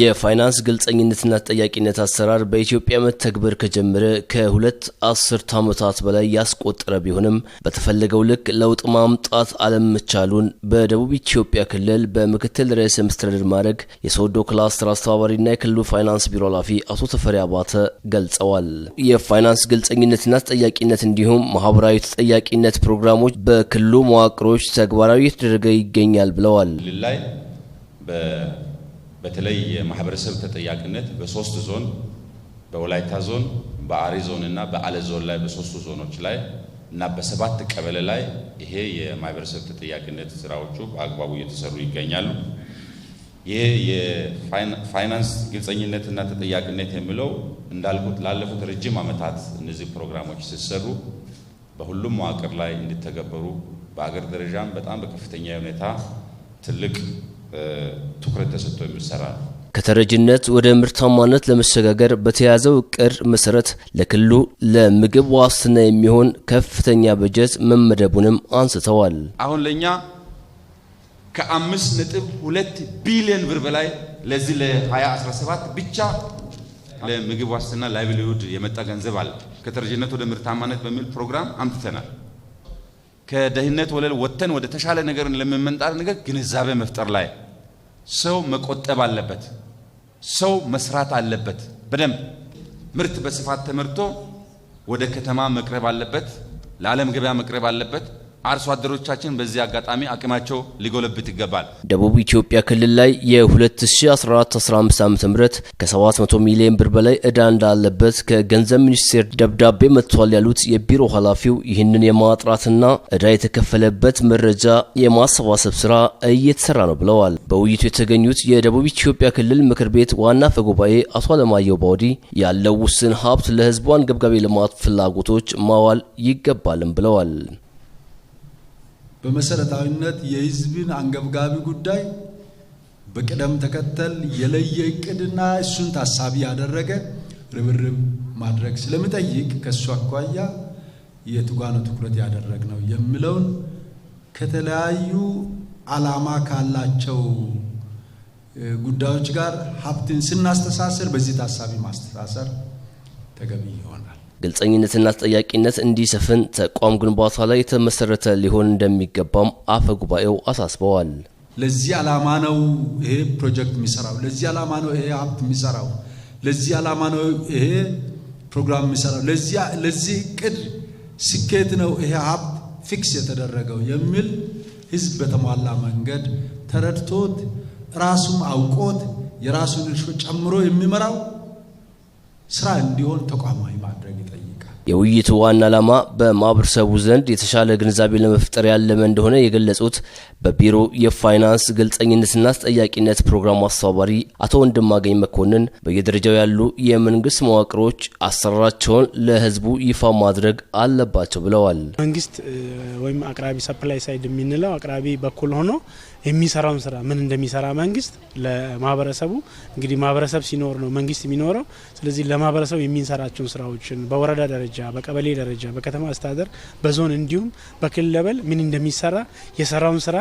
የፋይናንስ ግልጸኝነትና ተጠያቂነት አሰራር በኢትዮጵያ መተግበር ከጀመረ ከሁለት አስርት ዓመታት በላይ ያስቆጠረ ቢሆንም በተፈለገው ልክ ለውጥ ማምጣት አለመቻሉን በደቡብ ኢትዮጵያ ክልል በምክትል ርዕሰ መስተዳድር ማዕረግ የሶዶ ክላስተር አስተባባሪና የክልሉ ፋይናንስ ቢሮ ኃላፊ አቶ ተፈሪ አባተ ገልጸዋል። የፋይናንስ ግልጸኝነትና ተጠያቂነት እንዲሁም ማህበራዊ ተጠያቂነት ፕሮግራሞች በክልሉ መዋቅሮች ተግባራዊ እየተደረገ ይገኛል ብለዋል። በተለይ የማህበረሰብ ተጠያቂነት በሶስት ዞን በወላይታ ዞን፣ በአሪ ዞን እና በአለ ዞን ላይ በሶስቱ ዞኖች ላይ እና በሰባት ቀበሌ ላይ ይሄ የማህበረሰብ ተጠያቂነት ስራዎቹ በአግባቡ እየተሰሩ ይገኛሉ። ይሄ የፋይናንስ እና ተጠያቂነት የሚለው እንዳልኩት ላለፉት ረጅም ዓመታት እነዚህ ፕሮግራሞች ሲሰሩ በሁሉም መዋቅር ላይ እንዲተገበሩ በአገር ደረጃም በጣም በከፍተኛ ሁኔታ ትልቅ ትኩረት ተሰጥቶ የሚሰራ ነው። ከተረጅነት ወደ ምርታማነት ለመሸጋገር በተያዘው እቅድ መሰረት ለክልሉ ለምግብ ዋስትና የሚሆን ከፍተኛ በጀት መመደቡንም አንስተዋል። አሁን ለእኛ ከአምስት ነጥብ ሁለት ቢሊዮን ብር በላይ ለዚህ ለ2017 ብቻ ለምግብ ዋስትና ላይቭሊሁድ የመጣ ገንዘብ አለ። ከተረጅነት ወደ ምርታማነት በሚል ፕሮግራም አምጥተናል። ከደህንነት ወለል ወጥተን ወደ ተሻለ ነገር ለመመንጣት ነገር ግንዛቤ መፍጠር ላይ ሰው መቆጠብ አለበት። ሰው መስራት አለበት። በደንብ ምርት በስፋት ተመርቶ ወደ ከተማ መቅረብ አለበት። ለዓለም ገበያ መቅረብ አለበት። አርሶ አደሮቻችን በዚህ አጋጣሚ አቅማቸው ሊጎለብት ይገባል። ደቡብ ኢትዮጵያ ክልል ላይ የ2014-15 ዓ ም ከ700 ሚሊዮን ብር በላይ እዳ እንዳለበት ከገንዘብ ሚኒስቴር ደብዳቤ መጥቷል ያሉት የቢሮ ኃላፊው ይህንን የማጥራትና እዳ የተከፈለበት መረጃ የማሰባሰብ ስራ እየተሰራ ነው ብለዋል። በውይይቱ የተገኙት የደቡብ ኢትዮጵያ ክልል ምክር ቤት ዋና አፈ ጉባኤ አቶ አለማየሁ ባውዲ ያለው ውስን ሀብት ለህዝቧን አንገብጋቢ ልማት ፍላጎቶች ማዋል ይገባልም ብለዋል። በመሰረታዊነት የህዝብን አንገብጋቢ ጉዳይ በቅደም ተከተል የለየ እቅድና እሱን ታሳቢ ያደረገ ርብርብ ማድረግ ስለሚጠይቅ ከእሱ አኳያ የቱጋኑ ትኩረት ያደረግ ነው የሚለውን ከተለያዩ ዓላማ ካላቸው ጉዳዮች ጋር ሀብትን ስናስተሳሰር በዚህ ታሳቢ ማስተሳሰር ተገቢ ይሆናል። ግልጸኝነትና ተጠያቂነት እንዲሰፍን ተቋም ግንባታ ላይ የተመሰረተ ሊሆን እንደሚገባም አፈ ጉባኤው አሳስበዋል። ለዚህ ዓላማ ነው ይሄ ፕሮጀክት የሚሰራው፣ ለዚህ ዓላማ ነው ይሄ ሀብት የሚሰራው፣ ለዚህ ዓላማ ነው ይሄ ፕሮግራም የሚሰራው፣ ለዚህ እቅድ ስኬት ነው ይሄ ሀብት ፊክስ የተደረገው የሚል ህዝብ በተሟላ መንገድ ተረድቶት ራሱም አውቆት የራሱን ድርሻ ጨምሮ የሚመራው ስራ እንዲሆን ተቋማዊ ማድረግ ይጠይቃል። የውይይቱ ዋና ዓላማ በማህበረሰቡ ዘንድ የተሻለ ግንዛቤ ለመፍጠር ያለመ እንደሆነ የገለጹት በቢሮ የፋይናንስ ግልጸኝነትና ተጠያቂነት ፕሮግራሙ አስተባባሪ አቶ ወንድማገኝ መኮንን በየደረጃው ያሉ የመንግስት መዋቅሮች አሰራራቸውን ለህዝቡ ይፋ ማድረግ አለባቸው ብለዋል። መንግስት ወይም አቅራቢ ሰፕላይ ሳይድ የምንለው አቅራቢ በኩል ሆኖ የሚሰራውን ስራ ምን እንደሚሰራ መንግስት ለማህበረሰቡ እንግዲህ ማህበረሰብ ሲኖር ነው መንግስት የሚኖረው። ስለዚህ ለማህበረሰቡ የሚንሰራቸውን ስራዎችን በወረዳ ደረጃ፣ በቀበሌ ደረጃ፣ በከተማ አስተዳደር፣ በዞን እንዲሁም በክልል ለበል ምን እንደሚሰራ የሰራውን ስራ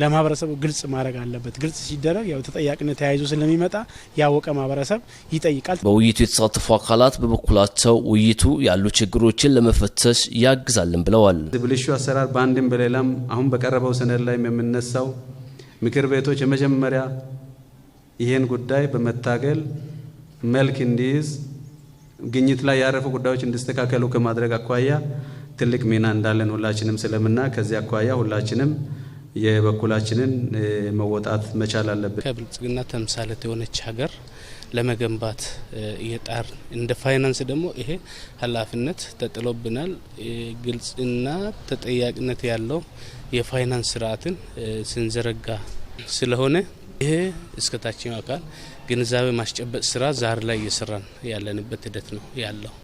ለማህበረሰቡ ግልጽ ማድረግ አለበት። ግልጽ ሲደረግ ያው ተጠያቂነት ተያይዞ ስለሚመጣ ያወቀ ማህበረሰብ ይጠይቃል። በውይይቱ የተሳተፉ አካላት በበኩላቸው ውይይቱ ያሉ ችግሮችን ለመፈተሽ ያግዛልን ብለዋል። ብልሹ አሰራር በአንድም በሌላም አሁን በቀረበው ሰነድ ላይ የምነሳው ምክር ቤቶች የመጀመሪያ ይህን ጉዳይ በመታገል መልክ እንዲይዝ ግኝት ላይ ያረፉ ጉዳዮች እንዲስተካከሉ ከማድረግ አኳያ ትልቅ ሚና እንዳለን ሁላችንም ስለምና ከዚህ አኳያ ሁላችንም የበኩላችንን መወጣት መቻል አለብን። ከብልጽግና ተምሳሌት የሆነች ሀገር ለመገንባት እየጣር እንደ ፋይናንስ ደግሞ ይሄ ኃላፊነት ተጥሎብናል። ግልጽና ተጠያቂነት ያለው የፋይናንስ ስርዓትን ስንዘረጋ ስለሆነ ይሄ እስከታችኛው አካል ግንዛቤ ማስጨበጥ ስራ ዛሬ ላይ እየሰራን ያለንበት ሂደት ነው ያለው።